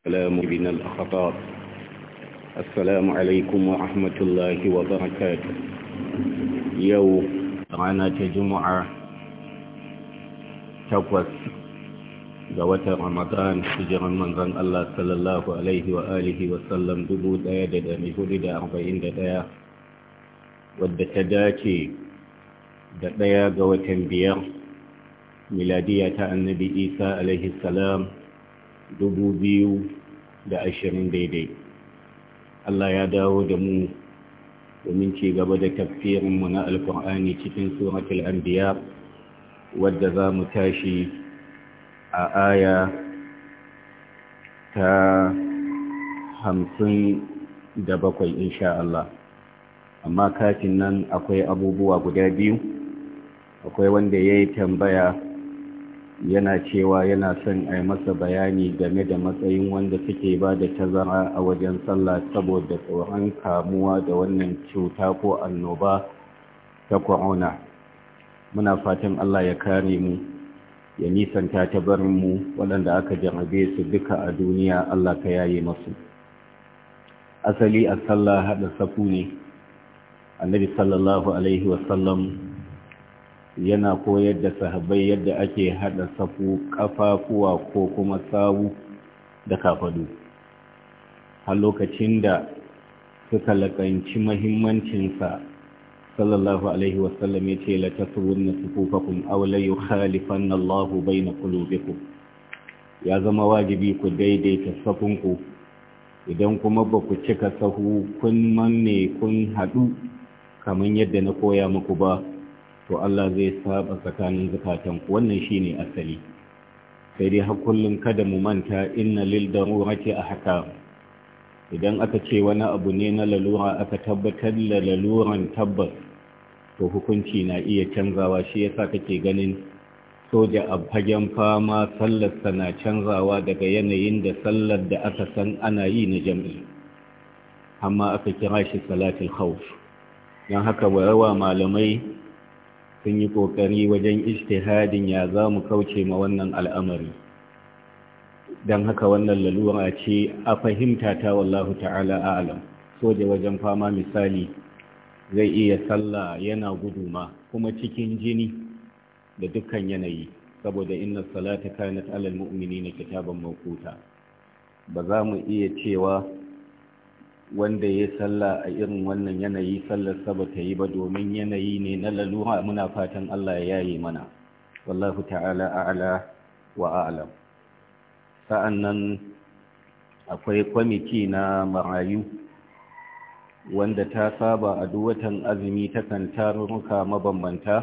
السلام من الخطاب السلام عليكم ورحمة الله وبركاته يوم رانا جمعة تقوس جوات رمضان شجر من رن الله صلى الله عليه وآله وسلم دبو دايا دا مهود دا أربعين دا دايا ودتداتي دا دايا جوات بيار ميلادية النبي إيسى عليه السلام dubu biyu da ashirin daidai Allah ya dawo da mu domin ci gaba da tafiyarmu na alkur'ani cikin suratul anbiya wadda za mu tashi a aya ta hamsin da bakwai insha Allah amma katin nan akwai abubuwa guda biyu akwai wanda ya yi tambaya yana cewa yana son a yi masa bayani game da matsayin wanda suke ba da tazara a wajen sallah saboda tsoron kamuwa da wannan cuta ko annoba ta corona muna fatan Allah ya kare mu ya nisanta ta barin mu waɗanda aka jarabe su duka a duniya Allah ka yaye masu asali a sallah haɗa safu ne annabi sallallahu alaihi wasallam yana koyar da sahabbai yadda ake hada safu kafafuwa ko kuma sawu da kafadu har lokacin da suka lakanci mahimmancinsa sallallahu alaihi wasallam ya ce latasurunna sufufakum aw la yukhalifanna Allahu baina qulubikum ya zama wajibi ku daidaita safunku idan kuma ba ku cika sahu kun manne kun hadu kamar yadda na koya muku ba to Allah zai saba tsakanin zakatan wannan shine asali sai dai har kullun kada mu manta inna lil darurati ahkam idan aka ce wani abu ne na lalura aka tabbatar da laluran tabbas to hukunci na iya canzawa shi yasa kake ganin soja a fagen fama sallar na canzawa daga yanayin da sallar da aka san ana yi na jam'i amma aka kira shi salatul khawf don haka wa malamai sun yi ƙoƙari wajen ishtihadin ya za mu kauce ma wannan al'amari don haka wannan lalura ce a fahimta ta wallahu ta'ala alam soja wajen fama misali zai iya sallah yana gudu ma kuma cikin jini da dukkan yanayi saboda inna salata kanat alal mu'minina kitaban mawquta ba za mu iya cewa wanda ya sallah a irin wannan yanayi sallar saba ta yi ba domin yanayi ne na lalura muna fatan Allah ya yi mana wallahu ta'ala a'ala wa a'lam sa'annan akwai kwamiti na marayu wanda ta saba a duwatan azumi takan tarurruka mabambanta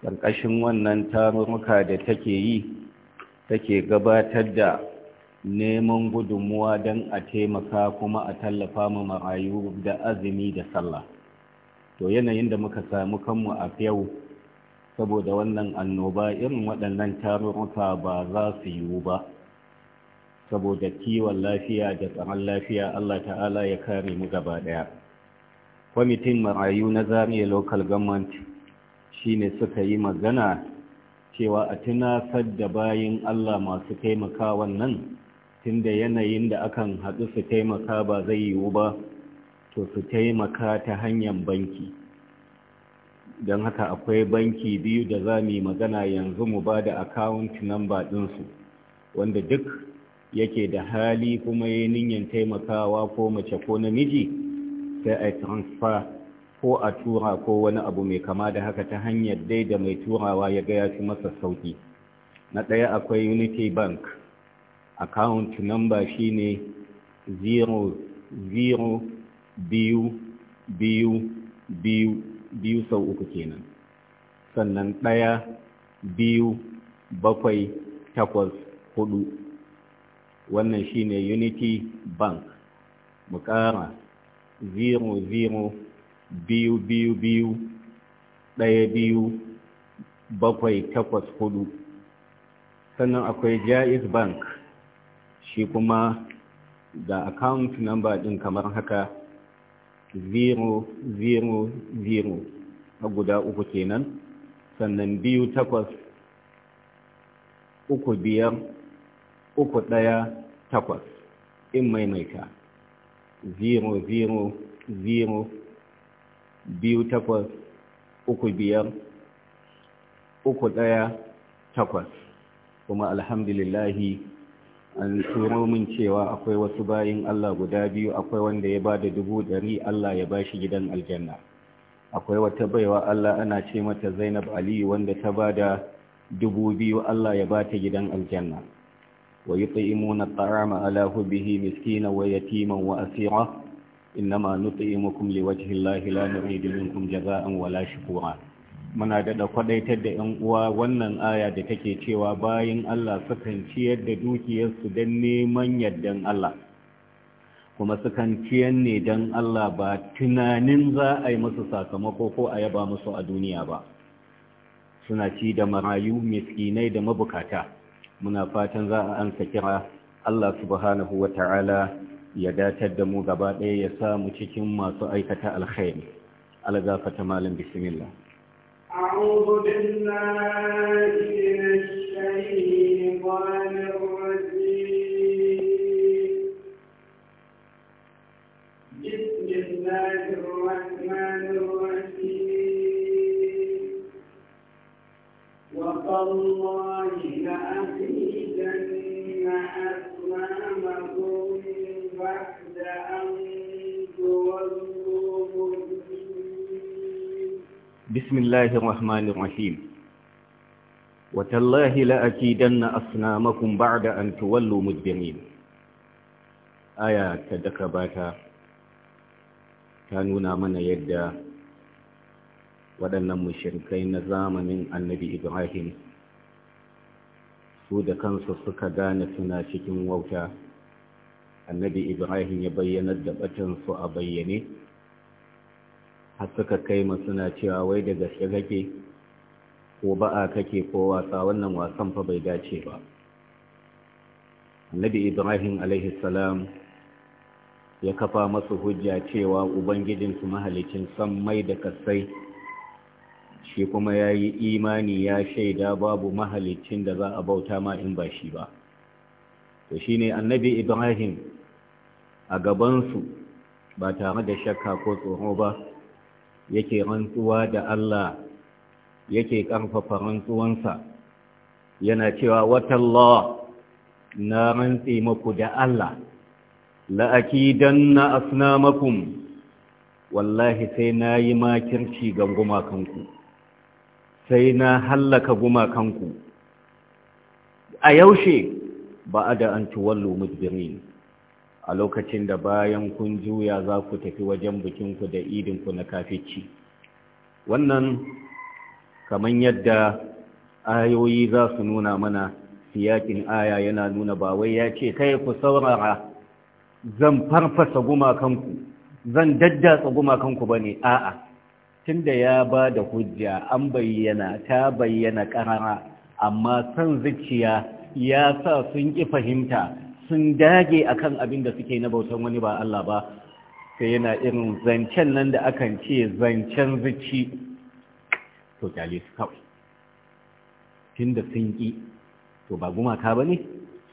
ƙarƙashin wannan tarurruka da take yi take gabatar da neman gudunmuwa don a taimaka kuma a tallafa mu marayu da azumi da sallah to yanayin da muka samu kanmu a yau saboda wannan annoba irin waɗannan tarurruka ba za su yiwu ba saboda kiwon lafiya da tsaron lafiya Allah ta'ala ya kare mu gaba ɗaya kwamitin marayu na zariya local government ne suka yi magana cewa a tunasar da bayan Allah masu taimaka nan tunda yanayin da akan haɗu su taimaka ba zai yiwu ba to su taimaka ta hanyar banki don haka akwai banki biyu da za mu yi magana yanzu mu ba da account number ɗinsu wanda duk yake da hali kuma ya niyan taimakawa ko mace ko namiji sai a transfer ko a tura ko wani abu mai kama da haka ta hanyar dai da mai turawa ya gaya su masa sauki na ɗaya akwai unity bank account number shine 0 0 biyu biyu biyu biyu sau uku kenan sannan ɗaya biyu bakwai takwas hudu wannan shine unity bank mu ƙara 0 0 biyu biyu biyu ɗaya biyu bakwai takwas hudu sannan akwai jaiz bank shi kuma da account number din kamar haka 000 guda uku kenan sannan biyu takwas uku biyar uku ɗaya takwas in maimaita 000 biyu takwas uku biyar uku ɗaya takwas kuma alhamdulillahi an turo min cewa akwai wasu bayin Allah guda biyu akwai wanda ya ba da dubu ɗari Allah ya ba shi gidan aljanna akwai wata baiwa Allah ana ce mata Zainab Aliyu wanda ta ba da dubu biyu Allah ya ba ta gidan aljanna wa yut'imuna at'ama ala hubbihi miskina wa yatiman wa asira ma nut'imukum liwajhi Allah la nuridu minkum an wala shukura muna daɗa kwadaitar da 'yan uwa wannan aya da take cewa bayan Allah sukan ciyar da dukiyarsu don neman yardan Allah kuma sukan ciyar ne don Allah ba tunanin za a yi musu sakamako ko a yaba musu a duniya ba suna ci da marayu miskinai da mabukata muna fatan za a ansa kira Allah subhanahu wa ta'ala ya datar da mu gaba ɗaya ya samu cikin masu aikata alkhairi ta malam bismillah أعوذ بالله من الشيطان الرجيم بسم الله الرحمن الرحيم وتالله لأكيدن أصنامكم بعد أن بسم الله الرحمن الرحيم وتالله لأكيدن أصنامكم بعد أن تولوا مدبرين آية تدكباتا كانونا من يدى waɗannan mushrikai na zamanin annabi ibrahim su da kansu suka gane suna cikin wauta annabi ibrahim ya bayyanar da batansu a bayyane har suka kai ma suna cewa wai da gaske kake ko ba'a kake ko wasa wannan wasan fa bai dace ba annabi ibrahim alaihi salam ya kafa masu hujja cewa ubangijinsu mahalicin mai da kasai shi kuma ya yi imani ya shaida babu mahalicin da za a bauta ma in ba shi ba to shi annabi ibrahim a gabansu ba tare da shakka ko tsoro ba yake rantsuwa da Allah yake ƙarfafa rantsuwansa yana cewa watallah na rantse muku da Allah la'akidanna asnamakum wallahi sai na yi makirci ga gumakanku sai na hallaka gumakanku a yaushe ba a da an tuwallo mujbirin a lokacin da bayan kun juya za ku tafi wajen bikinku da idinku na kafici wannan kamar yadda ayoyi za su nuna mana siyakin aya yana nuna ba wai ya ce kai ku saurara zan farfasa gumakanku zan daddatsa gumakanku ba ne a'a tunda ya ba da hujja an bayyana ta bayyana ƙarara amma san zuciya ya sa sun ƙi fahimta sun dage a kan abin da suke na bautan wani ba Allah ba sai yana irin zancen nan da akan ce zancen zuci to kyale su kawai da sun ƙi to ba gumaka ba ne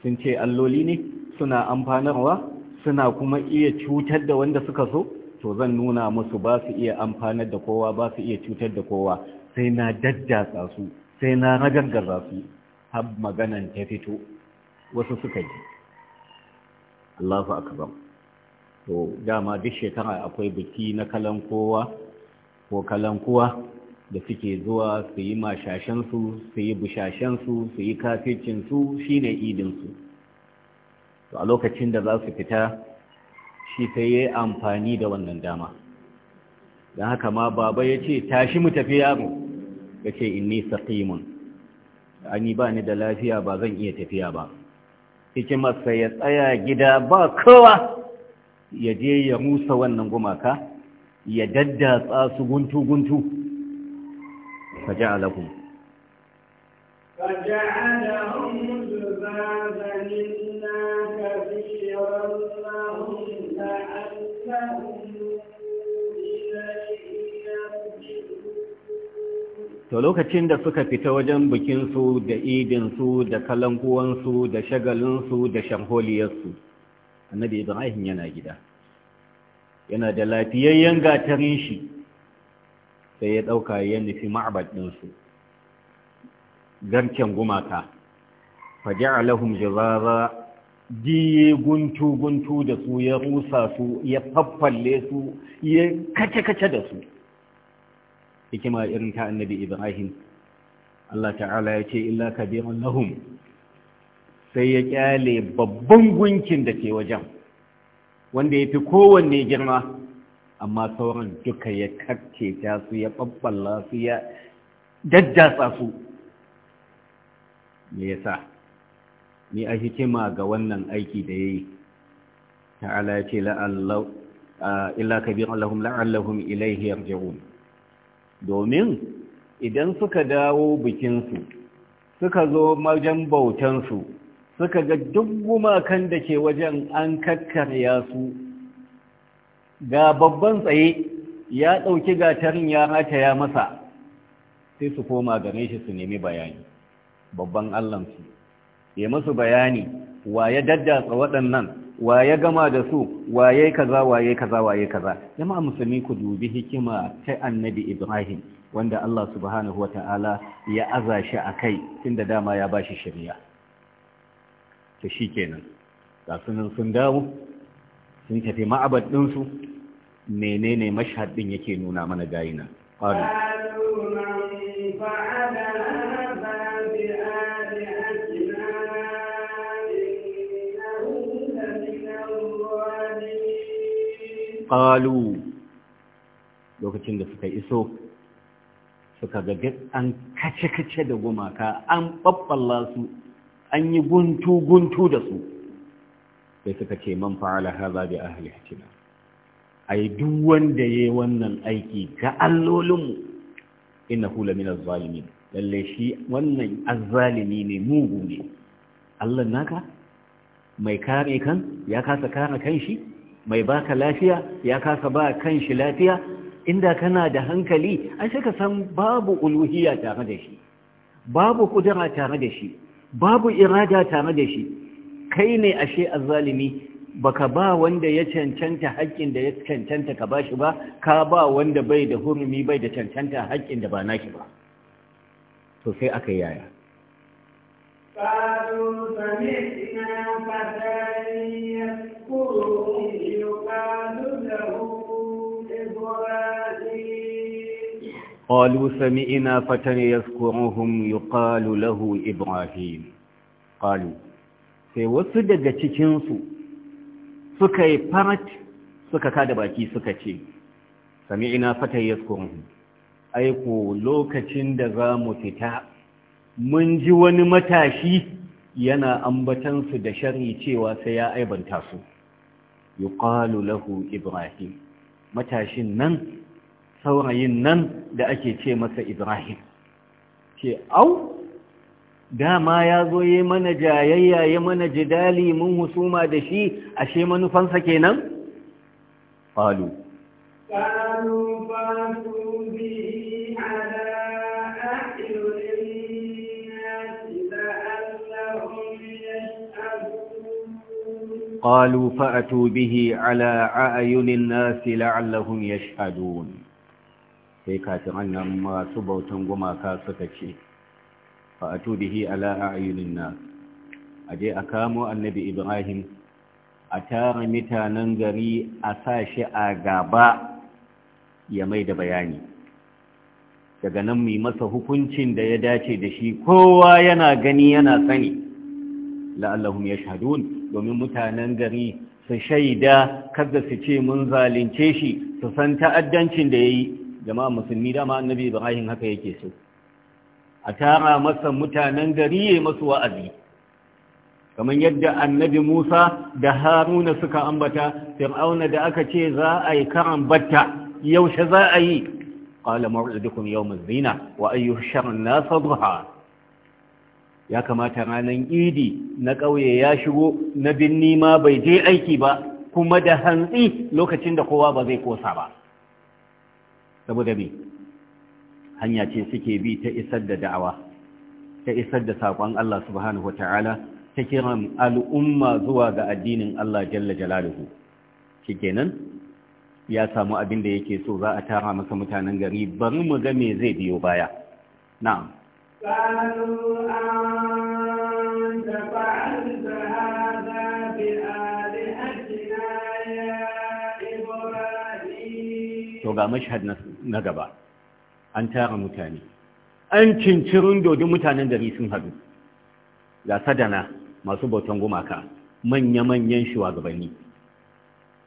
sun ce alloli ne suna amfanarwa suna kuma iya cutar da wanda suka so to zan nuna musu ba su iya amfanar da kowa ba su iya cutar da kowa sai na daddatsa su sai na ragargaza su har maganan ta fito wasu suka ji Allahu akbar to dama duk shekara akwai biki na kalan kowa ko kalan kowa da suke zuwa su yi mashashensu su yi bushashensu su yi su shine idin idinsu to a lokacin da za su fita shi sai ya yi amfani da wannan dama don haka ma baba ya ce tashi mu tafi yaro ya ce inni saqimun ani ba ni da lafiya ba zan iya tafiya ba hikimarsa ya tsaya gida ba kowa ya je ya musa wannan gumaka ya daddatsa su guntu-guntu ja alakun to lokacin da suka fita wajen bikinsu da idinsu da kalankuwansu da shagalinsu da shamholiyarsu annabi ibrahim yana gida yana da lafiyayyen gatarin shi sai ya ɗauka ya nufi ma'abad ɗinsu garken gumaka faji'a lahum jazara diye guntu-guntu da su ya rusa su ya faffalle su ya kace-kace da su hikima irin ta annabi ibrahim Allah ta'ala ya ce illa kabiran lahum sai ya kyale babban gunkin da ke wajen wanda ya fi kowanne girma amma sauran duka ya kakke ta su ya babbala su ya daddatsa su me yasa ni a hikima ga wannan aiki da yayi ta'ala ya ce la'allahu illa kabiran lahum la'allahum ilayhi yarji'un domin idan suka dawo bikinsu suka zo wajen bautansu suka ga duk gumakan da ke wajen an kakkarya su ga babban tsaye ya ɗauki gatarin ya rataya masa sai su koma game shi su nemi bayani babban allansu ya masu bayani wa ya daddatsa waɗannan wa ya gama da su waye kaza waye kaza waye kaza jama'a musulmi ku dubi hikima ta annabi ibrahim wanda Allah subhanahu wata'ala ya aza shi a akai tunda dama ya bashi shari'a to shikenan ga sunan sun dawo sun tafi ma'abad din su menene mashhad din yake nuna mana gayina qalu qalu lokacin da suka iso suka ga duk an kace-kace da gumaka an babballa su an yi guntu-guntu da su sai suka ce man fa'ala haza bi ahli hatina ai duk wanda yayi wannan aiki ga allolinmu innahu lamina zalimin lalle shi wannan azzalimi ne mugu ne Allah naka mai kare kan ya kasa kare kan shi mai baka lafiya ya kasa ba kan shi lafiya inda kana da hankali an shi ka san babu uluhiya tare da shi babu kudura tare da shi babu irada tare da shi kai ne ashe azzalimi baka ba wanda ya cancanta haƙƙin da ya cancanta ka bashi ba ka ba wanda bai da hurumi bai da cancanta haƙƙin da ba naki ba to sai aka yaya كفر يقال له إبراهيم قالوا سمعنا فتى يذكرهم يقال له إبراهيم قالوا sai wasu daga cikinsu suka farat suka kada baki suka ce sami ina fata ya aiko lokacin da za mu fita mun ji wani matashi yana ambatansu da shari cewa sai ya aibanta su yuqalu lahu ibrahim matashin nan saurayin nan da ake ce masa ibrahim ce au dama ya zo yi mana jayayya ya mana jidali mun husuma da shi ashe manufansa kenan falu falu قالوا فأتوا به على أعين الناس لعلهم يشهدون sai kafiran nan masu bautan gumaka suka ce fa'atu bihi ala a'yunin a je a kamo annabi ibrahim a tara mutanen gari a sa shi a gaba ya mai da bayani daga nan mai masa hukuncin da ya dace da shi kowa yana gani yana sani la'allahum yashhadun domin mutanen gari su shaida kada su ce mun zalunce shi su san ta'addancin da ya yi, dama musulmi dama annabi Ibrahim haka yake so a tara masa mutanen gari ya masu wa'azi kamar yadda annabi Musa da Haruna suka ambata Fir'auna da aka ce za a yi karan batta yaushe za a yi قال موعدكم يوم az-zina wa ayyu sharrin ya kamata ranar idi na ƙauye ya shigo na binni ma bai je aiki ba kuma da hantsi lokacin da kowa ba zai kosa ba saboda me hanya ce suke bi ta isar da da'awa ta isar da saƙon Allah subhanahu ta'ala ta kiran al'umma zuwa ga addinin Allah jalla jalaluhu shikenan ya samu abin da yake so za a tara masa mutanen gari bari mu ga me zai biyo baya na'am قالوا أنت فعلت هذا بآلهتنا an tara mutane an cincirin dodin mutanen gari sun haɗu ga sadana masu bautan gumaka manya-manyan shugabanni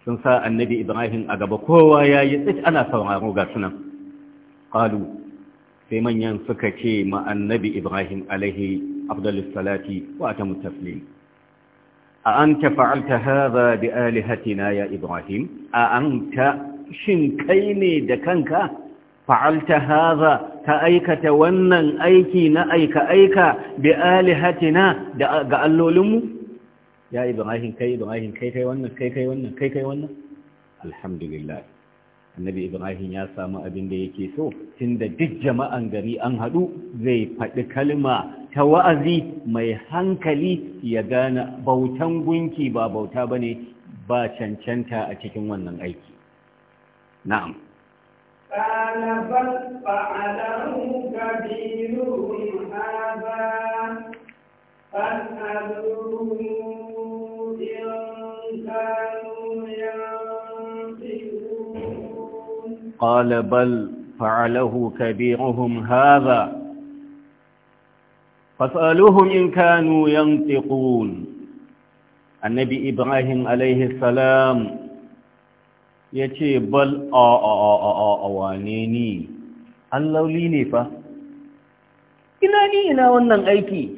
sun sa annabi ibrahim a gaba kowa ya yi tsit ana sauraro ga sunan ƙalu sai manyan suka ce ma annabi Ibrahim alaihi afdalus salati wa atamu taslim a an anta fa'alta hadha bi alihatina ya Ibrahim a an ta shin kai ne da kanka fa'alta hadha ka aikata wannan aiki na aika aika bi alihatina da ga allolinmu ya Ibrahim kai Ibrahim kai kai wannan kai kai wannan kai kai wannan alhamdulillah annabi ibrahim ya samu abin da yake so tunda duk jama'an gari an haɗu zai faɗi kalma ta wa'azi mai hankali ya gane bautan gunki ba bauta bane ba cancanta a cikin wannan aiki na'am Ƙanabar بل قال بل فعله كبيرهم هذا فاسألوهم إن كانوا ينطقون النبي إبراهيم عليه السلام يتي بل أوانيني اللوليني فا إنا ني إنا ونن أيكي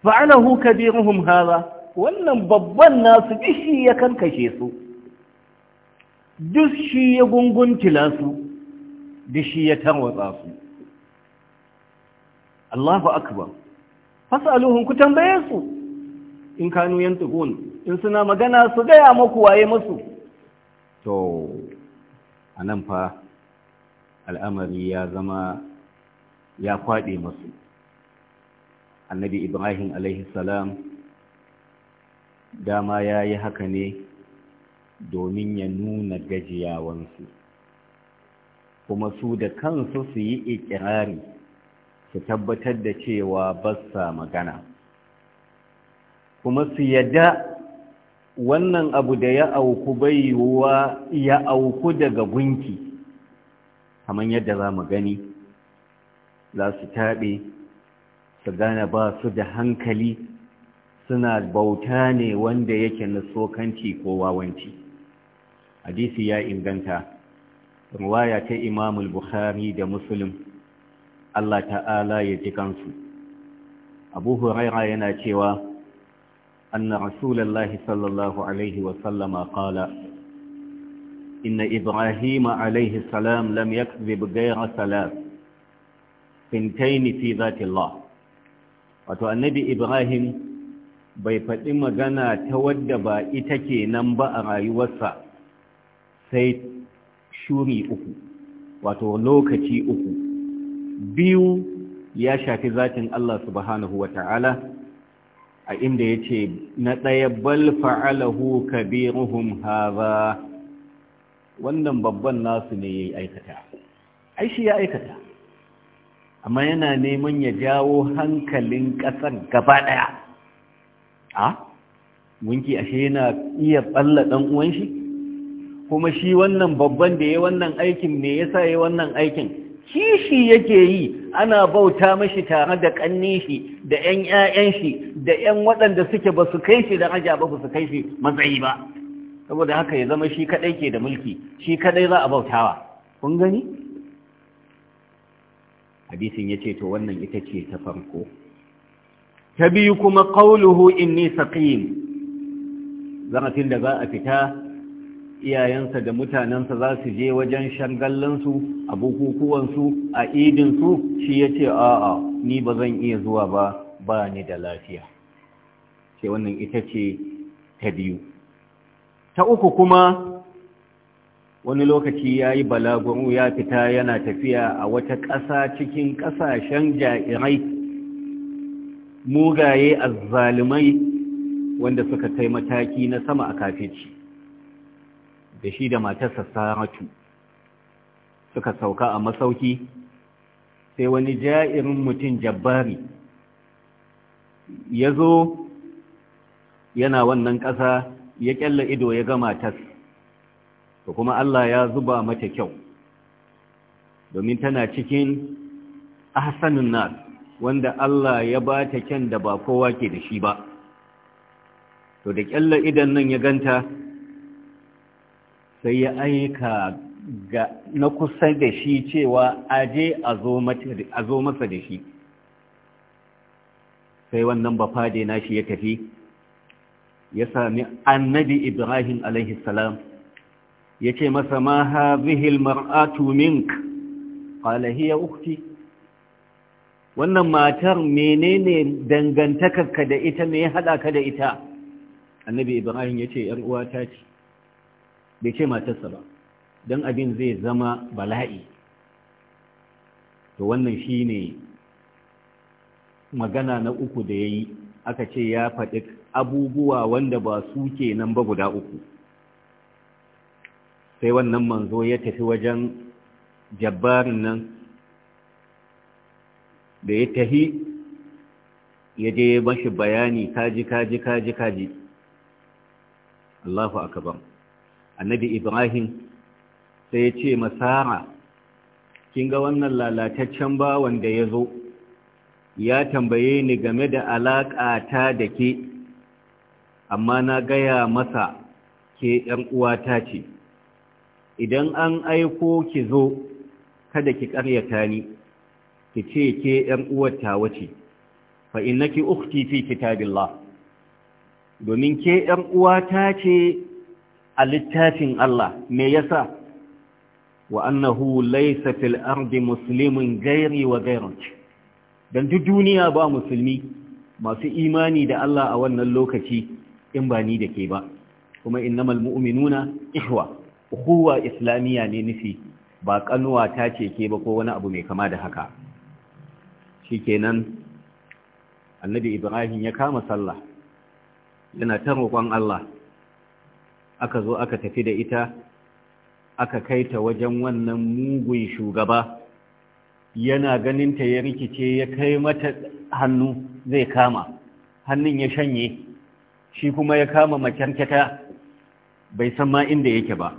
fa'alahu kabirhum hadha wannan babban nasu kishi ya kankashe su duk shi ya gunguntila su duk shi ya tarwatsa su Allahu akbar fasaluhum ku tambaye su in kanu yantuqun in suna magana su gaya muku waye musu to anan fa al'amari ya zama ya kwaɗe masu annabi ibrahim alaihi salam dama yayi haka ne domin ya nuna gajiyawansu kuma su da kansu su yi ikirari su tabbatar da cewa ba sa magana kuma su yadda wannan abu da ya auku baiwa ya auku daga gunki kamar yadda za mu gani za su taɓe su gane ba su da hankali suna bauta ne wanda yake na tsokanci ko wawanci hadisi ya inganta riwaya ta imamul bukhari da muslim Allah ta'ala ya ji kansu abu huraira yana cewa anna rasulallahi sallallahu alaihi wasallama qala inna Ibrahim alaihi salam lam yakzib ghayra salat fintaini fi zati Allah wato annabi ibrahim bai faɗi magana ta wadda ba ita ke nan ba a rayuwarsa sai shuri uku wato lokaci uku biyu ya shafi zatin Allah subhanahu wa ta'ala a inda ya ce na ɗaya bal fa'alahu kabiruhum haza wannan babban nasu ne ya aikata aishi ya aikata amma yana neman ya jawo hankalin ƙasar gaba ɗaya a? ashe yana iya ɓalla ɗan shi? kuma shi wannan babban da ya wannan aikin me yasa ya wannan aikin kishi yake yi ana bauta mashi tare da kannin shi da ƴan ƴaƴan shi da ƴan waɗanda suke basu kai shi da daraja ba su kai shi matsayi ba saboda haka ya zama shi kaɗai ke da mulki shi kaɗai za a bautawa kun gani hadisin yace to wannan ita ce ta farko ta biyu kuma qauluhu inni saqim zaratin da za a fita iyayensa da mutanensa za su je wajen shangallansu a bukukuwansu a idinsu shi ya ce a'a ni ba zan iya zuwa ba ba ni da lafiya ce wannan ita ce ta biyu ta uku kuma wani lokaci ya yi balaguru ya fita yana tafiya a wata ƙasa cikin ƙasashen ja'irai mugaye a azzalumai wanda suka kai mataki na sama a kafici da shi da matarsa saratu suka sauka a masauki sai wani ja'irin mutum jabbari ya zo yana wannan ƙasa ya ƙyalla ido ya ga matas to kuma Allah ya zuba mata kyau domin tana cikin ahsanun nas wanda Allah ya ba ta kyan da ba kowa ke da shi ba to da ƙyalla idan nan ya ganta sai ya aika ga na kusa da shi cewa aje a zo masa da shi sai wannan bafade na shi ya tafi ya sami annabi ibrahim alaihissalam ya ce masa ma zihil mar'atu mink qala hiya ukti wannan matar menene dangantakarka da ita me ya hada ka da ita annabi ibrahim ya ce uwa uwata ce bai ce matarsa ba don abin zai zama bala'i to wannan shi ne magana na uku da ya yi aka ce ya faɗi abubuwa wanda ba su ke nan ba guda uku sai wannan manzo ya tafi wajen jabbarin nan da ya tahi ya je mashi bayani kaji kaji kaji kaji Allahu akbar annabi ibrahim sai ya ce masara kin ga wannan lalataccen bawan da ya zo ya tambaye ni game da alaƙata da ke amma na gaya masa ke ‘yan uwata ce idan an aiko ki zo kada ki ƙaryata ni ki ce ke ‘yan ta wace fa innaki ukti fi kitabillah domin ke uwa ta ce a littafin Allah me yasa wa annahu laysa fil ardi muslimun gairi wa gairuk dan duniya ba musulmi masu imani da Allah a wannan lokaci in ba ni da ke ba kuma innamal mu'minuna ihwa ukhuwa islamiyya ne nufi ba kanuwa ta ce ke ba ko wani abu mai kama da haka shikenan annabi ibrahim ya kama sallah yana ta roƙon Allah aka zo aka tafi da ita aka kai ta wajen wannan mugun shugaba yana ganin ta ya rikice ya kai mata hannu zai kama hannun ya shanye shi kuma ya kama kyata bai san ma inda yake ba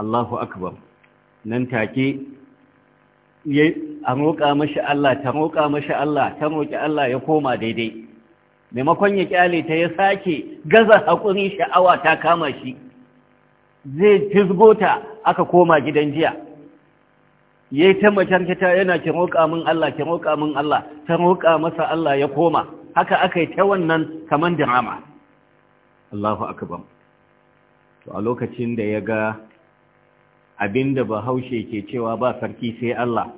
Allahu akbar nan take ya roƙa mashi Allah ta roƙa mashi Allah ta roƙi Allah ya koma daidai maimakon ya kyale ta ya sake gaza haƙuri sha'awa ta kama shi zai fizgota aka koma gidan jiya ya yi ta macarkita yana kin roƙa min Allah kin roƙa min Allah ta roƙa masa Allah ya koma haka aka yi ta wannan kaman dirama Allahu akbar to a lokacin da ya ga abinda bahaushe ke cewa ba sarki sai Allah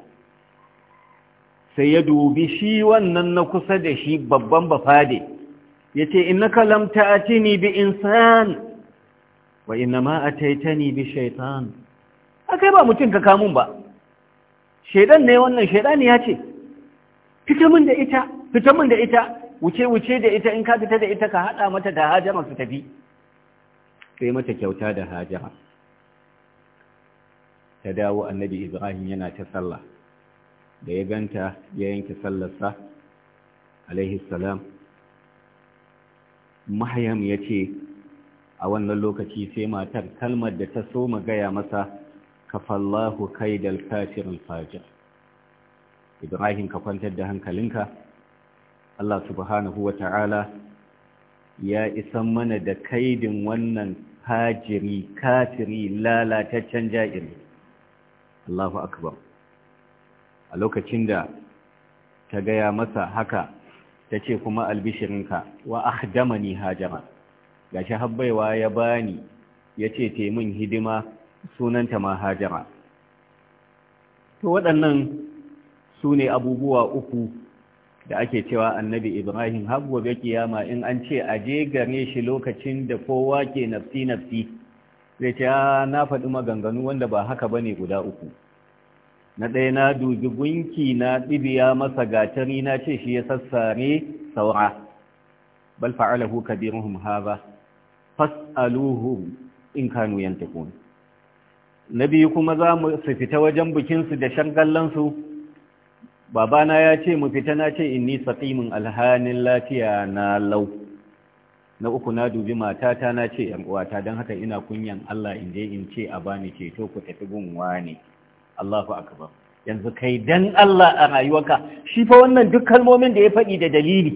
sai ya dubi shi wannan na kusa da shi babban bafade ya ce ina kalamta a cini bi insan wa ina ma a taitani bi shaitan a ba mutum ka kamun ba shaidan ne wannan shaidani ya ce fita min da ita fita min da ita wuce-wuce da ita in ka fita da ita ka haɗa mata da hajjama su tafi sai mata kyauta da hajara. ta dawo annabi ibrahim yana ta sallah da ya ganta ya yanke sallarsa alaihi salam mahayam ya ce a wannan lokaci sai matar kalmar da ta so gaya masa kafallahu kaidal kafir fajar. ibrahim ka kwantar da hankalinka Allah subhanahu wa ta'ala ya isan mana da kaidin wannan fajiri kafiri lalataccen ja'iri Allahu akbar a lokacin da ta gaya masa haka ta ce kuma albishirinka wa ni hajjama ga shi habbaiwa ya bani yace te min hidima sunanta ma hajjama to waɗannan su ne abubuwa uku da ake cewa annabi ibrahim habuwa bai kiyama in an ce a je gare shi lokacin da kowa ke nafsi nafsi zai ce ah, na faɗi maganganu wanda ba haka ba ne guda uku na ɗaya na dubi gunki na ɗibiya masa gatari na ce shi ya sassare saura bal fa'alahu kabiruhum haza fas'aluhum in kanu yantakun na biyu kuma za mu su fita wajen su da shangallansu babana ya ce mu fita na ce inni saqimin alhanin lafiya na lau na uku na dubi matata na ce yan uwata don haka ina kunyan Allah in je in ce a bani ceto ku tafi gunwa ne Allahu akbar yanzu kai dan Allah a rayuwarka shi fa wannan duk kalmomin da ya faɗi da dalili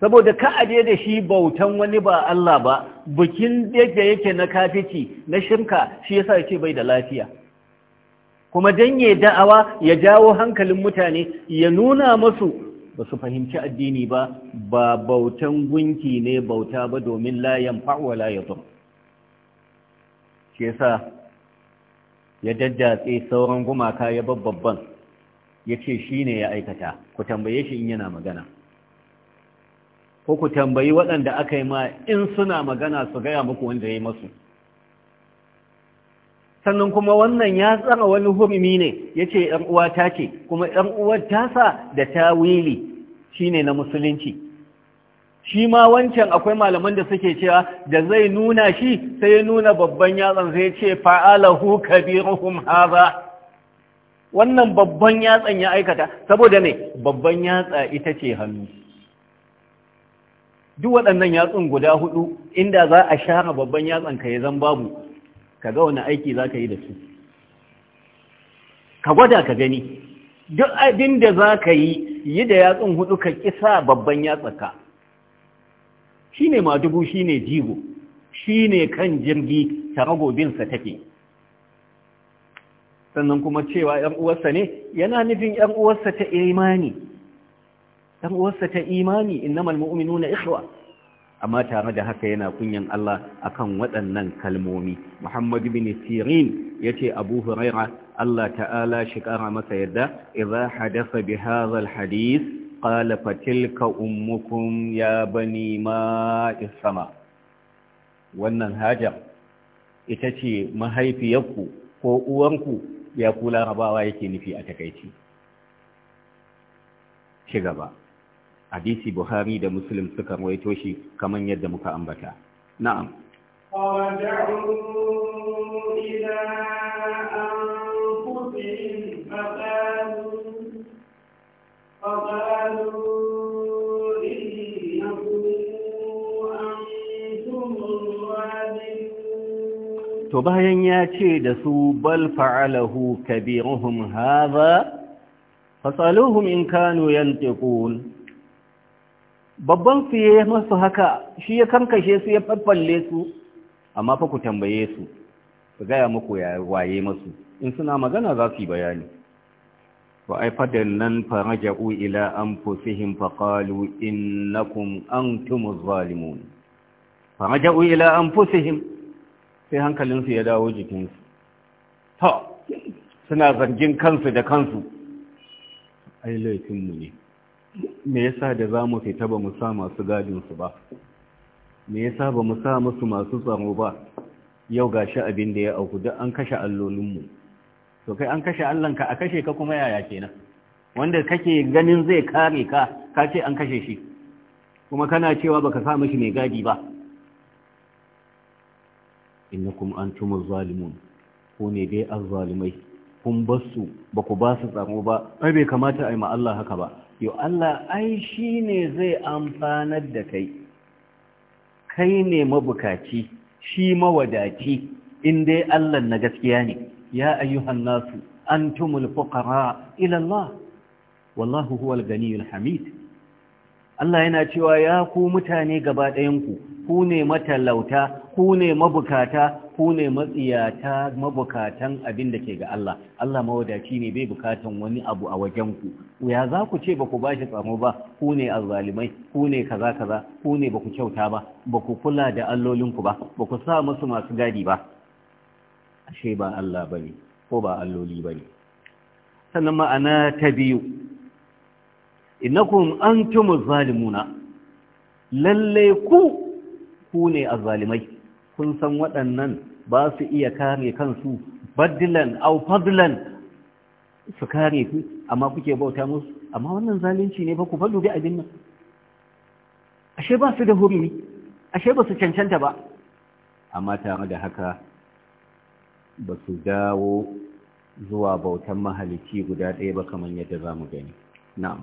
saboda ka aje da shi bautan wani ba Allah ba bukin yake yake na kafici na shirka shi yasa yake bai da lafiya kuma dan ya da'awa ya jawo hankalin mutane ya nuna musu ba su fahimci addini ba ba bautan gunki ne bauta ba domin la yanfa wa la yadur shi yasa ya daddatse sauran gumaka ya babban ya ce shi ne ya aikata ku tambaye shi in yana magana ko ku tambayi waɗanda aka yi ma in suna magana su gaya muku wanda ya yi masu sannan kuma wannan ya tsara wani hurumi ne ya ce uwa ta ce kuma uwar tasa da tawili shi ne na musulunci shi ma wancan akwai malaman da suke cewa da zai nuna shi sai ya nuna babban yatsan sai ce fa'alahu kabiruhum haza wannan babban yatsan ya aikata saboda ne babban yatsa ita ce hannu duk waɗannan yatsun guda hudu inda za a share babban yatsan ka zan babu ka ga wani aiki za ka yi da su ka gwada ka gani duk abin da za ka yi yi da yatsun hudu ka kisa babban ka. shine Madubu, shine jigo shine kan jirgi ta ragobinsa take sannan kuma cewa 'yan'uwarsa ne yana nufin 'yan'uwarsa ta imani Yan'uwarsa ta imani na mu'minu na ishwa amma tare da haka yana kunyan Allah akan waɗannan kalmomi Muhammad bin Sirin ya ce Abu Huraira Allah ta'ala shi ƙara masa yadda idza hadasa bi hadis قال فتلك أمكم يا بني ماء السماء wannan hajar ita ce mahaifiyarku ko uwanku ya ku larabawa yake nufi a takaici ci gaba hadisi buhari da muslim suka rawaito shi kamar yadda muka ambata na'am ila an To bayan ya ce da su bal fa'alahu kabiruhum haza, fasaluhum in kanu yantiqun babban su ya masu haka shi ya kankashe su ya faffalle su amma fa ku tambaye su su gaya muku ya waye masu in suna magana za su yi bayani to ai fadal nan faraja'u ila anfusihim faqalu innakum antumuz zalimun faraja'u ila anfusihim sai hankalinsu ya dawo jikinsu ha suna zargin kansu da kansu ai laifinmu ne me yasa da za mu fita ba mu sa masu gadinsu ba me yasa ba mu sa musu masu tsaro ba yau gashi abin da ya auku duk an kashe allolinmu to kai an kashe allanka a kashe ka kuma yaya kenan wanda kake ganin zai kare ka ka ce an kashe shi kuma kana cewa baka sa mishi mai gadi ba innakum antumuz zalimun ko ne dai azzalimai kun basu ba ku ba su tsaro ba ai bai kamata ai ma Allah haka ba yo Allah ai shine zai amfanar da kai kai ne mabukaci shi mawadaci in dai Allah na gaskiya ne ya أيها الناس antumul الفقراء ila الله wallahu huwal ganiyul hamid Allah yana cewa ya ku mutane gaba ɗayan ku ne matalauta ku ne mabukata ku ne matsiyata mabukatan abin da ke ga Allah Allah mawadaci ne bai bukatan wani abu a wajen ku. ya za ku ce ba ku ba shi tsaro ba ku ne azzalimai ku ne kaza kaza ku ne ba ku kyauta ba ba ku kula da allolinku ba ba ku sa musu masu gadi ba ashe ba Allah ba ne ko ba alloli ba ne sannan ma'ana ta biyu innakum antumuz zalimuna lalle ku ku ne azzalimai kun san waɗannan ba su iya kare kansu baddilan au fadlan su kare ku amma kuke bauta musu amma wannan zalunci ne ba ku faɗo bi abin nan ashe ba su da hurumi ashe ba su cancanta ba amma tare da haka ba su dawo zuwa bautan mahalicci guda ɗaya ba kamar yadda za mu gani na'am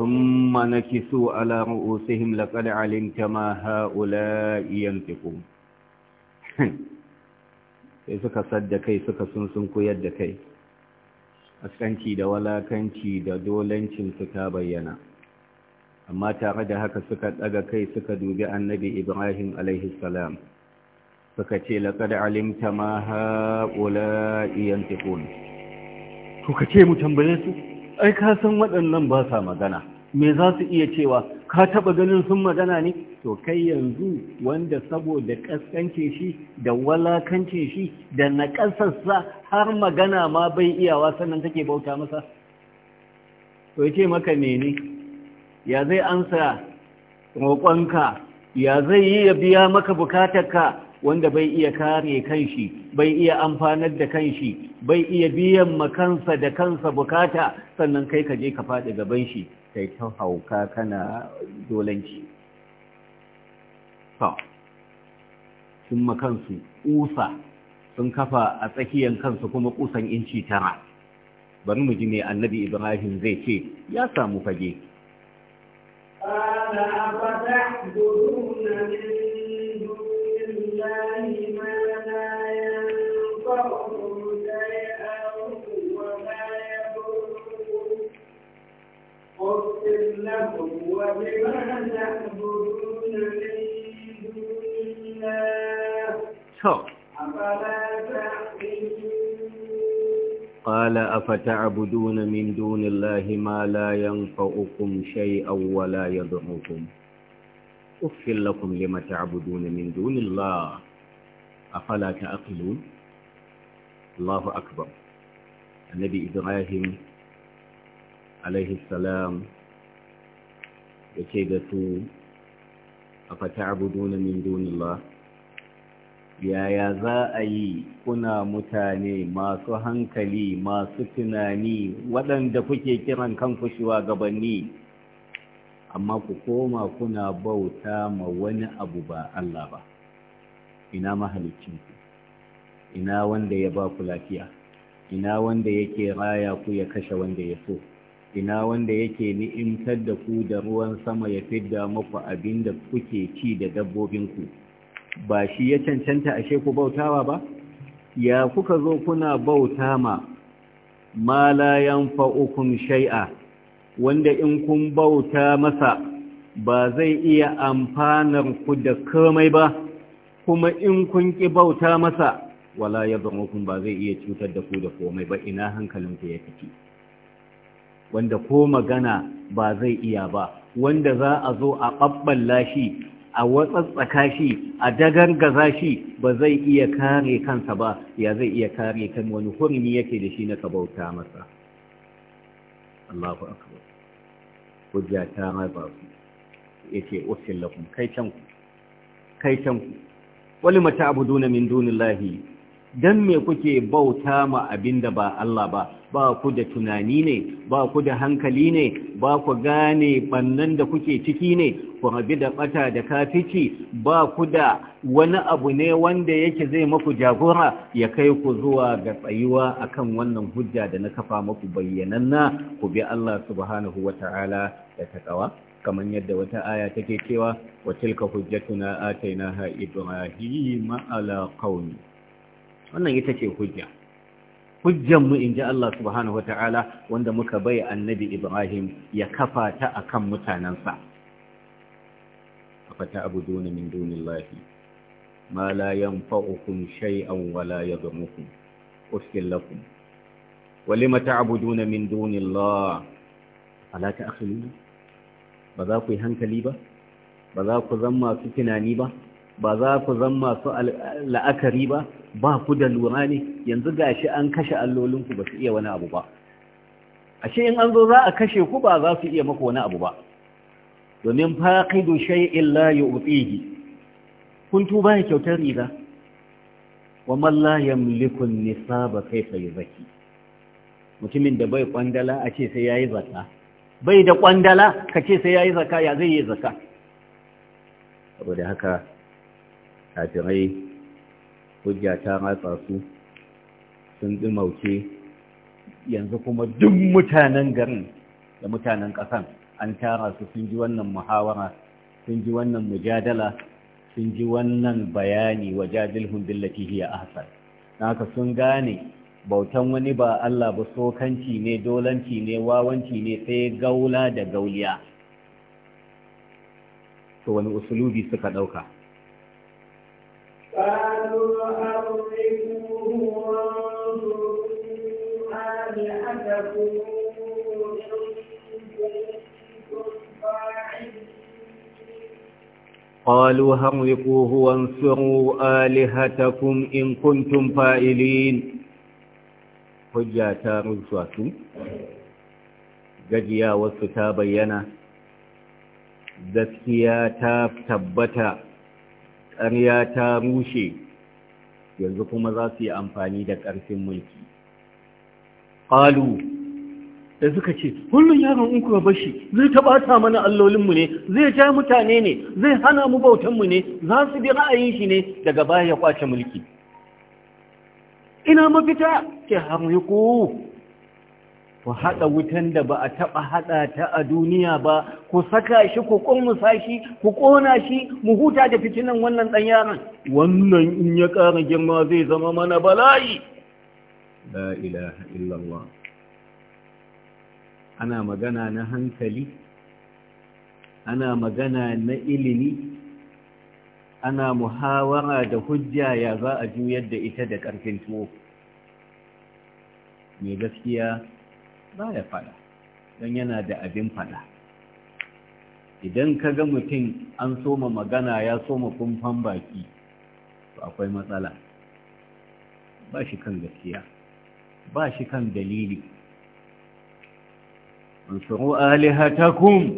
ثم نكسوا على رؤوسهم لقد علمت ما هؤلاء ينطقون sai suka sadda kai suka sun Askanci da walakanci da dolancinsu ta bayyana amma tare da haka suka ɗaga kai suka dubi annabi ibrahim salam suka ce laqad alimta ma iyan tekun to ka ce mu tambaye su ai ka san waɗannan ba sa magana me za su iya cewa ka taɓa ganin sun magana ne to kai yanzu wanda saboda kaskance shi da walakance shi da naƙasarsa har magana ma bai iyawa sannan take bauta masa to yace maka mene ya zai ansa roƙonka ya zai yi ya biya maka bukatarka wanda bai iya kare kanshi bai iya amfanar da kanshi bai iya biyan makansa da kansa bukata sannan kai ka je ka faɗi gaban shi kai ta hauka kana dolanci sun makansu ƙusa sun kafa a tsakiyar kansu kuma ƙusan inci tara bari mu ji ne annabi ibrahim zai ce ya samu fage قال أفتحتمون من دون الله قال أفتعبدون من دون الله ما لا ينفعكم شيئا ولا يضركم أفل لكم لما تعبدون من دون الله أفلا تعقلون الله أكبر النبي إبراهيم عليه السلام yake ga su a na min dunillah yaya za a yi kuna mutane masu hankali masu tunani waɗanda kuke kiran kanku shugabanni amma ku koma kuna bauta ma wani abu ba Allah ba ina mahalicinku ina wanda ya ba ku lafiya ina wanda yake raya ku ya kashe wanda ya so ina wanda yake ni'imtar da ku da ruwan sama ya fidda muku abin da kuke ci da dabbobinku ba shi ya cancanta ashe ku bautawa ba ya kuka zo kuna bauta ma ma la yanfa'ukum shay'a wanda in kun bauta masa ba zai iya amfanar ku da komai ba kuma in kun ki bauta masa wala yadhurrukum ba zai iya cutar da ku da komai ba ina hankalinku ya tafi wanda ko magana ba zai iya ba wanda za a zo a ɓaɓɓalla shi a watsatsaka shi a dagargaza shi ba zai iya kare kansa ba ya zai iya kare kan wani hurmi yake da shi na kabauta masa Allahu akbar hujja ta raba ku yake usil lakum kai can kai can ku wali mata abuduna min dunillahi dan me kuke bauta ma abin da ba Allah ba ba ku da tunani ne ba ku da hankali ne ba ku gane bannan da kuke ciki ne ku rabi da bata da kafici ba ku da wani abu ne wanda yake zai maku jagora ya kai ku zuwa ga tsayuwa akan wannan hujja da na kafa maku bayyananna ku bi Allah subhanahu ta'ala, da takawa kamar yadda wata aya take cewa wa tilka hujjatuna atainaha ibrahima ala qaumi wannan ita ce hujja Hujjanmu in ji Allah subhanahu wata'ala wanda muka bai annabi Ibrahim ya kafa ta akan mutanansa afata abuduna min dunillahi ma la yanfa'ukum shay'an wa la yadurrukum ufkil lakum wa lima ta'buduna min dunillah ala ta'qiluna ba za ku yi hankali ba ba za ku zama su tunani ba ba za ku zama su la'akari ba ba ku da lura ne yanzu gashi an kashe allolinku ba su iya wani abu ba ashe in an zo za a kashe ku ba za su iya maka wani abu ba domin faqidu shay'in la yu'tihi kun tuba ya kyautar riga wa man la yamliku an kai sai zaki mutumin da bai kwandala a ce sai yayi zaka bai da kwandala ka ce sai yayi zaka ya zai yi zaka saboda haka kafirai hujja ta ratsa su sun dimauke yanzu kuma duk mutanen garin da mutanen ƙasan an tara su sun ji wannan muhawara sun ji wannan mujadala sun ji wannan bayani wa jadilhum billati hiya ahsan haka sun gane bautan wani ba Allah ba sokanci ne dolanci ne wawanci ne sai gaula da gauliya to wani usulubi suka ɗauka قالوا حرقوه وانظروا وانصروا آلهتكم إن كنتم فائلين حجة ta rusa su gajiyawarsu ta تاب تبتا ƙarya ta rushe yanzu kuma za su yi amfani da ƙarfin mulki ƙalu da suka ce kullum yaron in kuma bashi zai taɓa taɓata mana allolinmu ne zai ja mutane ne zai hana mu bautanmu ne za su bi ra'ayin shi ne daga baya ya kwace mulki ina mafita ke ku. ku haɗa wutan da ba a taɓa haɗa ta a duniya ba ku saka shi ku kurmusa shi ku ƙona shi mu huta da fitinan wannan dan yaron wannan in ya ƙara girma zai zama mana bala'i la ilaha illallah ana magana na hankali ana magana na ilimi ana muhawara da hujja ya za a juyar da ita da ƙarfin tuwo mai gaskiya ba ya fada don yana da abin fada idan ka ga mutum an soma magana ya soma kumfan baki to akwai matsala ba shi kan gaskiya ba shi kan dalili ansuru alihatakum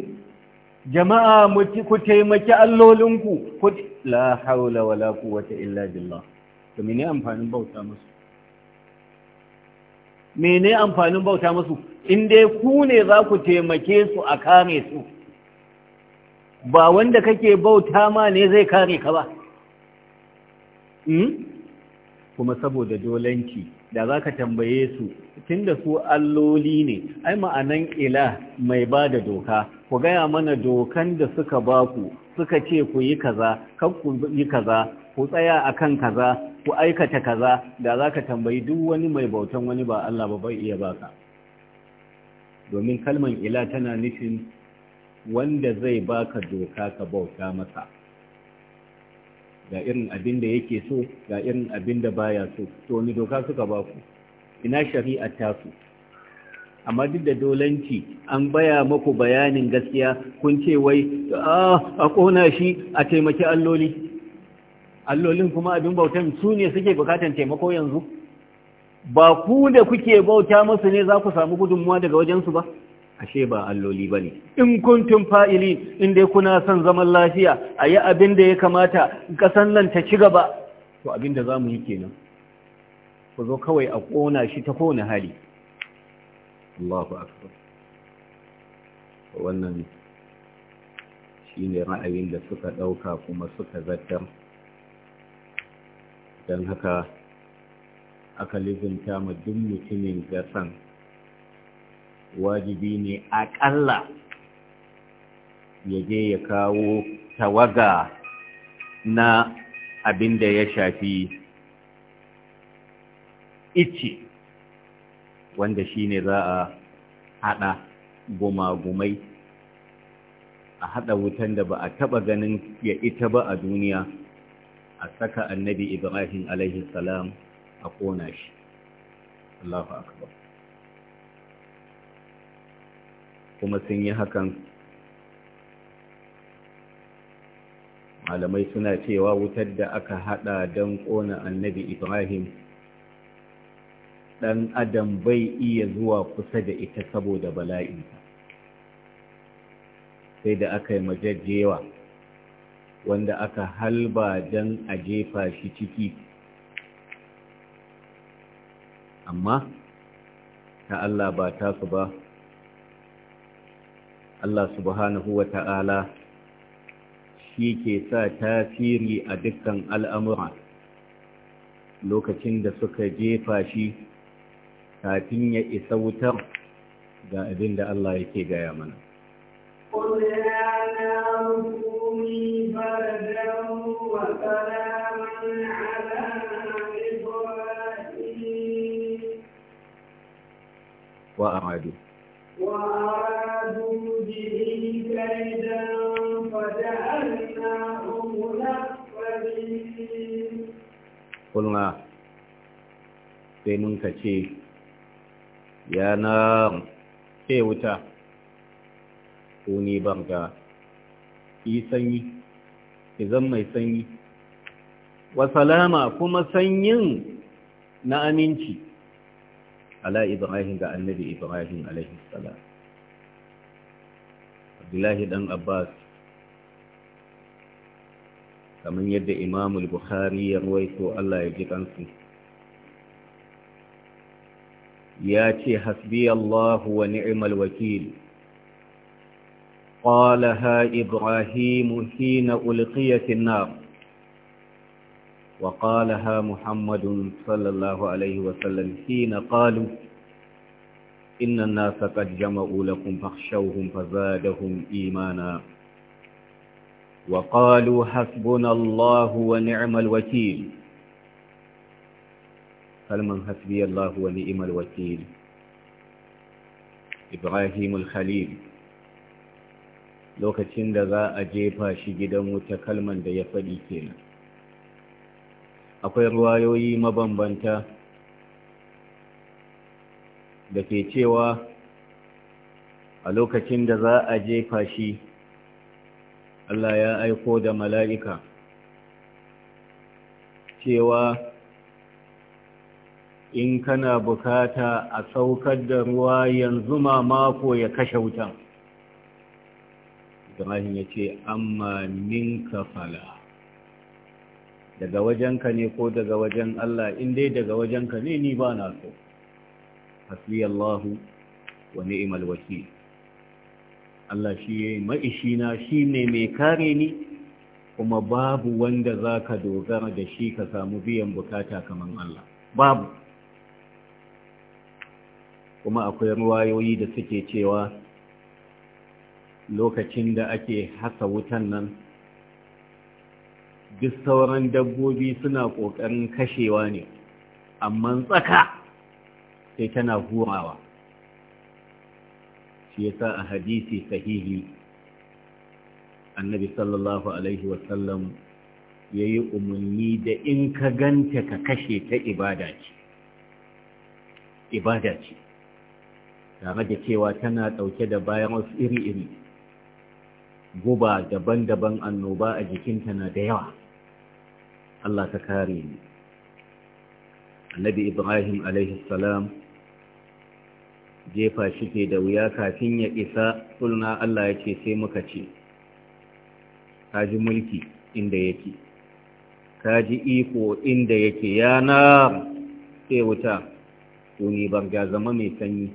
jama'a muti ku taimaki allolinku ku la haula wala quwwata illa billah to mene amfanin bauta musu mene amfanin bauta musu in dai ku ne za ku taimake su a kame su ba wanda kake bauta ma ne zai kare ka ba hmm? kuma saboda dolanci da za ka tambaye su tun da su alloli ne ai ma'anan ila mai ba da doka ku gaya mana dokan da suka ba ku suka ce ku yi kaza kan ku yi kaza ku tsaya a kan kaza ku aikata kaza da za ka tambayi duk wani mai bautan wani ba Allah ba bai iya baka domin kalman ila tana nufin wanda zai baka doka ka bauta masa ga irin abin da yake so ga irin abin da baya so to ni doka suka baku? ina shari'a ta su amma duk da dolanci an baya maku bayanin gaskiya kun ce wai ah, a kona shi a taimaki alloli allolin kuma abin bautan su ne suke bukatan taimako yanzu ba ku da kuke bauta musu ne za ku samu gudunmuwa daga wajensu ba ashe ba alloli ba ne. in kuntum fa'ili in dai kuna son zaman lafiya a yi abin da ya kamata kasan nan ta ci gaba to abin da zamu yi kenan ku zo kawai a kona shi ta kona hali Allahu akbar wannan shi ne ra'ayin da suka ɗauka kuma suka zartar dan haka aka lizinta mu duk mutumin gasan wajibi ne aƙalla ya je ya kawo tawaga na abin da ya shafi ice wanda shi ne za a haɗa gumagumai a haɗa wutan da ba a taɓa ganin ya ita ba a duniya a saka annabi ibrahim alaihi salam a ƙona shi Allahu akbar kuma sun yi hakan malamai suna cewa wutar da aka hada don kona annabi ibrahim dan adam bai iya zuwa kusa da ita saboda bala'i sai da aka yi majajjewa wanda aka halba don a jefa shi ciki amma ta Allah ba tasu ba Allah subhanahu wa ta'ala shi ke sa tasiri a dukkan al'amura lokacin da suka jefa shi kafin ya isa wutar ga abin da Allah yake gaya mana. a وأرادوا kulna sai mun ka ce ya na wuta ko ni banka yi sanyi Idan mai sanyi wa salama kuma sanyin na aminci ala ibrahim ga annabi ibrahim alaihi salam abdullahi dan abbas kamar yadda Imamul buhari ya ruwaito Allah ya ji kansu ya ce hasbi Allah wa ni'mal wakil qala ha ibrahim hina ulqiyat an-nar wa qala sallallahu alayhi wa sallam hina qalu inna an-nasa qad jama'u lakum fakhshawhum fazadahum imana وقالوا حسبنا الله ونعم الوكيل كلمة حسبي الله ونعم الوكيل إبراهيم lokacin da za a jefa shi gidan wuta kalman da ya faɗi kenan akwai ruwayoyi mabambanta da ke cewa a lokacin da za a jefa shi Allah ya aiko da mala'ika cewa in kana bukata a saukar da ruwa yanzu ma mako ya kashe wuta. Zamahin ya ce, Amma ninka fala, daga wajenka ne ko daga wajen Allah, in dai daga wajenka ne ni ba na so, hasbi Allahu wa ni'imal wakil. Allah shi ya yi ma'ishina shi ne mai kare ni kuma babu wanda za ka dogara da shi ka samu biyan bukata kamar Allah babu kuma akwai ruwayoyi da suke cewa lokacin da ake hasa wutan nan duk sauran dabbobi suna ƙoƙarin kashewa ne amma tsaka sai tana hurawa shi yasa a hadisi sahihi annabi sallallahu alaihi wasallam ya yi umarni da in ka ganta ka kashe ta ibada ce ibada ce tare da cewa tana ɗauke da bayan wasu iri-iri guba daban-daban annoba a jikinta na da yawa Allah ta kare ni annabi ibrahim alaihi salam jefa shi ke da wuya kafin ya isa kulna Allah ya ce sai muka ce kaji mulki inda yake kaji iko inda yake ya na sai wuta tuni ga zama mai sanyi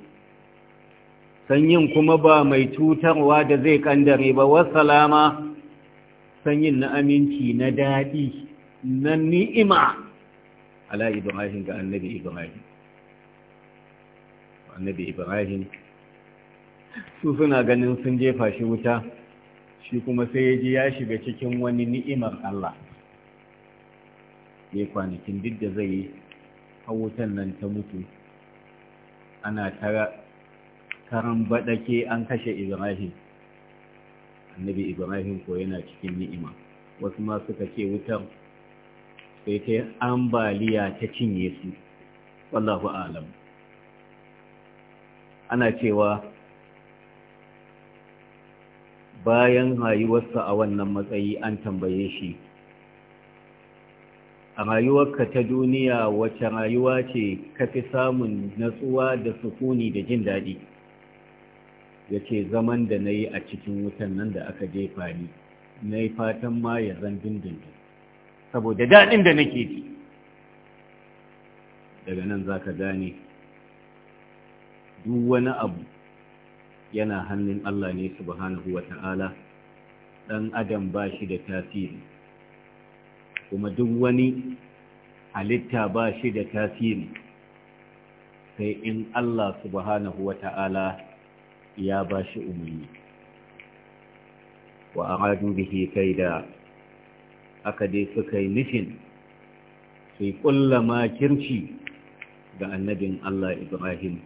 sanyin kuma ba mai cutarwa da zai kandare ba wasalama sanyin na aminci na daɗi na ni'ima ala ibrahim ga annabi ibrahim annabi ibrahim su suna ganin sun jefa shi wuta shi kuma sai ya ji ya shiga cikin wani ni'imar Allah ne kwanakin duk da zai yi wutan nan ta mutu ana tara karan baɗake an kashe ibrahim annabi ibrahim ko yana cikin ni'ima wasu ma suka ce wutar sai ta ambaliya ta cinye su wallahu alam ana cewa bayan rayuwarsa a wannan matsayi an tambaye shi a rayuwarka ta duniya wacce rayuwa ce ka fi samun natsuwa da sukuni da jin daɗi ya ce zaman da na yi a cikin wutan nan da aka jefa ni na yi fatan ma ya zan dindindin saboda daɗin da nake ji daga nan za ka gane duk wani abu yana hannun Allah ne subhanahu wa ta'ala ɗan adam ba shi da tasiri kuma duk wani halitta ba shi da tasiri sai in Allah subhanahu wa ta'ala ya ba shi umarni wa a bihi kai da aka dai suka yi nufin sai ƙulla makirci ga annabin Allah Ibrahim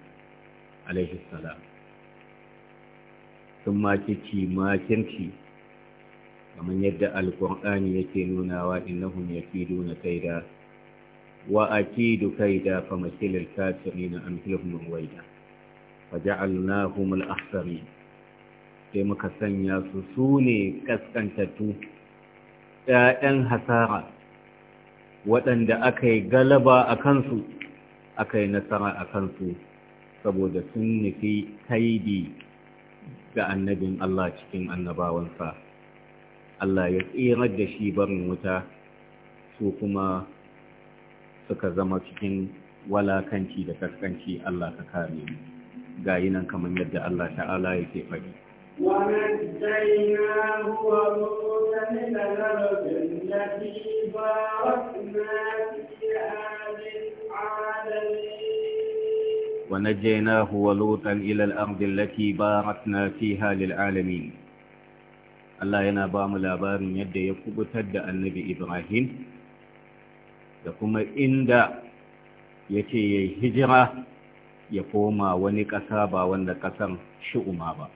alaihi salam sun ma kinci kamar yadda alkur'ani yake nunawa innahum yakiduna kaida wa akidu kaida fa makilil kafirina amthilhum waida faja'alnahum al-ahsarin sai muka sanya su sune ne kaskantattu ‘ya'yan hasara waɗanda aka galaba a kansu aka yi nasara a kansu saboda sun nufi kaidi ga annabin Allah cikin annabawansa Allah ya tsirar da shi barin wuta su kuma suka zama cikin walakanci da kaskanci Allah ka kare mu yi nan kamar yadda Allah ta'ala yake faɗi ونجيناه وموسى من الأرض التي باركنا فيها للعالمين ونجيناه ولوطا إلى الأرض التي باركنا فيها للعالمين الله ينا بام لابار يد يكب تد النبي إبراهيم يقوم إند يتي هجرة يقوم ونكسابا ونكسر شؤمابا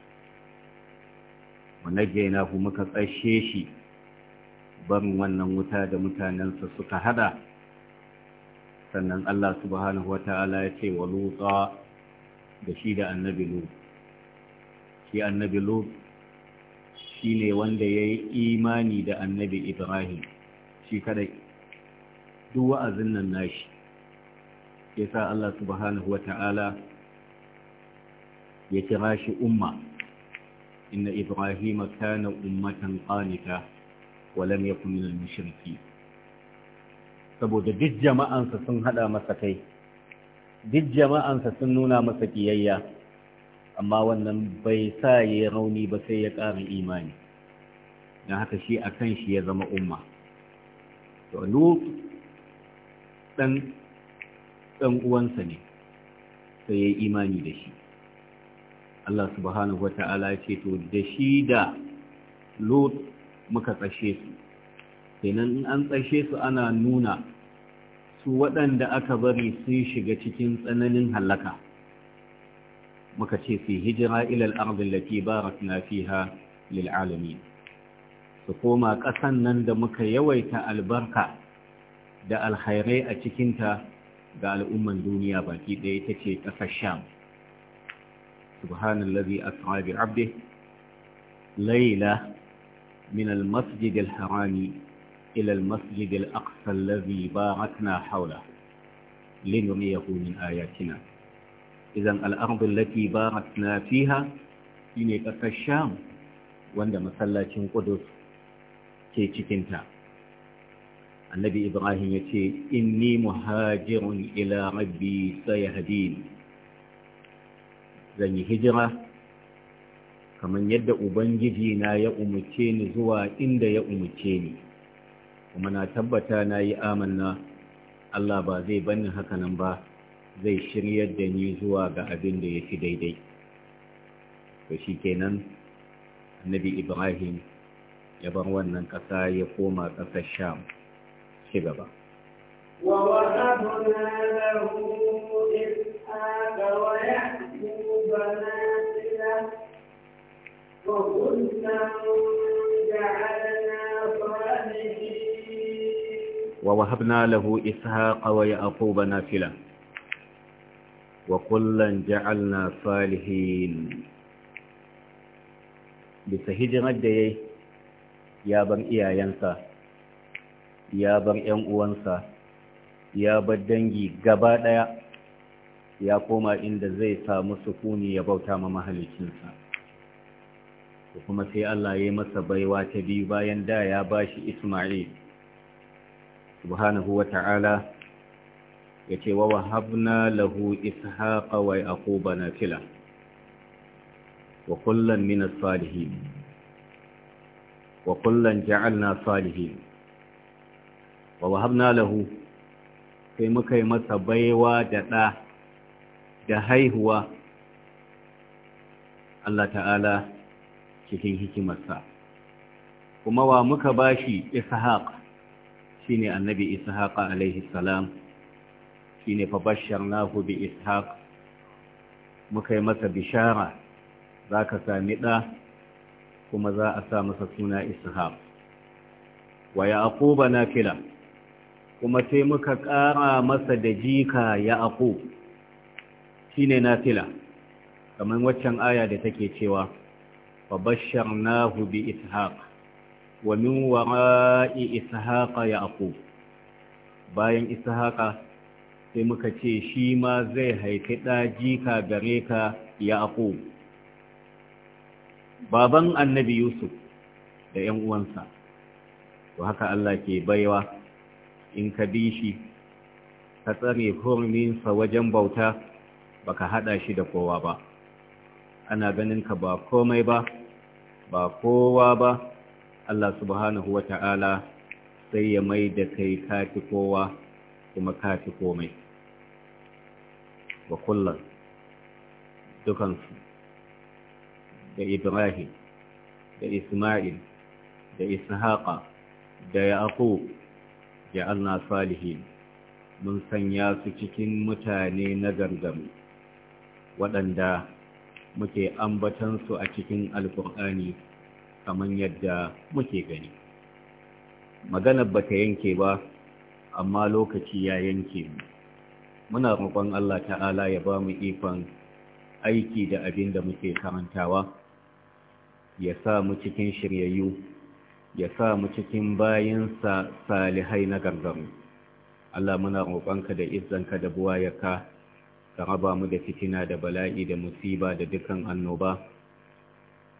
ونجيناه مكتشيشي بر ونمتا دمتا ننسى سكهدا sannan Allah subhanahu wa ta'ala ya ce wa lutsa da shi da annabi lut shi annabi lut shi ne wanda ya yi imani da annabi ibrahim shi kadai duk wa'azin nan nashi ya sa Allah subhanahu wa ta'ala ya kira shi umma inna ibrahim kana ummatan qanita wa lam yakun minal mushrikeen saboda duk jama'ansa sun haɗa masa kai duk jama'ansa sun nuna masa kiyayya amma wannan bai sa ya rauni ba sai ya ƙara imani don haka shi a kan shi ya zama umma to lut ɗan uwansa ne sai ya yi imani da shi Allah subhanahu wa ta'ala ce to da shi da Lut muka tsashe su kenan in an tsashe su ana nuna su waɗanda aka bari sun shiga cikin tsananin hallaka muka ce fi hijira ilal ardin lati barakna fiha lil alamin su koma ƙasan nan da muka yawaita albarka da alkhairai a cikinta ga al'umman duniya baki ɗaya ita ce ƙasar sham subhanallazi asra bi abdihi min al-masjid al-harami إلى المسجد الأقصى الذي باركنا حوله لنريه من آياتنا إذا الأرض التي باركنا فيها إن الشام وند مسلاة قدس تيتكنتا النبي إبراهيم يتي إني مهاجر إلى ربي سيهدين زني هجرة kamar yadda Ubangiji na ya umarce ni zuwa inda ya umarce ni kuma na tabbata na yi amanna Allah ba zai haka nan ba zai shiryar da ni zuwa ga abin da ya fi daidai to shi kenan annabi ibrahim ya bar wannan ƙasa ya koma ƙasar sham ci gaba ووهبنا له إسحاق ويعقوب ووهبنا له إسحاق ويعقوب نافلة وكلا جعلنا صالحين bisa hijirar da ya ya bar iyayensa ya bar 'yan uwansa ya bar dangi gaba ɗaya ya koma inda zai samu sukuni ya bauta ma mahalicinsa kuma sai Allah ya yi masa baiwa ta biyu bayan da ya ba shi Ismail subhanahu wa ta'ala ya ce wa wahabna lahu ishaqa wa yaquba nafila wa kullan min as-salihin wa kullan ja'alna salihin wa wahabna lahu sai muka yi masa baiwa da ɗa da haihuwa Allah ta'ala cikin hikimarsa kuma wa muka bashi ishaq shine annabi ishaq alaihi salam shine fa basharnahu bi ishaq muka yi masa bishara zaka sami da kuma za a sa masa suna ishaq wa yaquba nafila kuma sai muka ƙara masa da jika yaqub shine nafila kamar waccan aya da take cewa fa basharnahu bi ishaq min وراء ya yaqub bayan ishaqa sai muka ce shi ma zai haifi jika gare ka yaqub baban annabi yusuf da 'yan uwansa to haka Allah ke baiwa in ka bi shi ka tsare sa wajen bauta baka hada shi da kowa ba ana ganin ka ba komai ba ba kowa ba Allah subhanahu wa ta'ala sai ya mai da kai kafi kowa kuma kafi komai wa kullum dukansu da Ibrahim da Ismail da Ishaqa da Yaqub ya Allah salihin mun sanya su cikin mutane na gargamu waɗanda muke ambatansu a cikin alkur'ani kamar yadda muke gani maganar ba ta yanke ba amma lokaci ya yanke mu muna roƙon Allah ta'ala ya ba mu ikon aiki da abin da muke karantawa ya sa mu cikin shiryayyu ya sa mu cikin bayansa salihai na gargaru Allah muna roƙonka da izzanka da buwayarka ka raba mu da fitina da bala'i da musiba da dukan annoba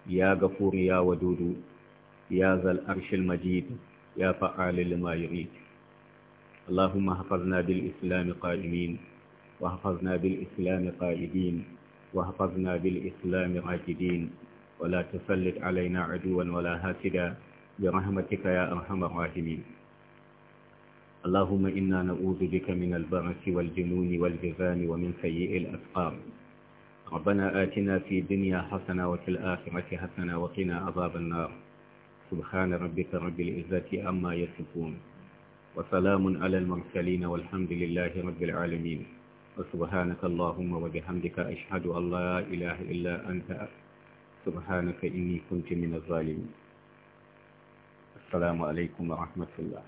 يا غفور يا ودود يا ذا الأرش المجيد يا فعال لما يريد اللهم احفظنا بالإسلام قائمين واحفظنا بالإسلام قائدين واحفظنا بالإسلام راكدين ولا تسلط علينا عدوا ولا هاسدا برحمتك يا أرحم الراحمين اللهم إنا نعوذ بك من البرس والجنون والجذان ومن سيئ الأسقام ربنا آتنا في الدنيا حسنة وفي الآخرة حسنة وقنا عذاب النار سبحان ربك رب العزة عما يصفون وسلام على المرسلين والحمد لله رب العالمين وسبحانك اللهم وبحمدك أشهد أن لا إله إلا أنت سبحانك إني كنت من الظالمين السلام عليكم ورحمة الله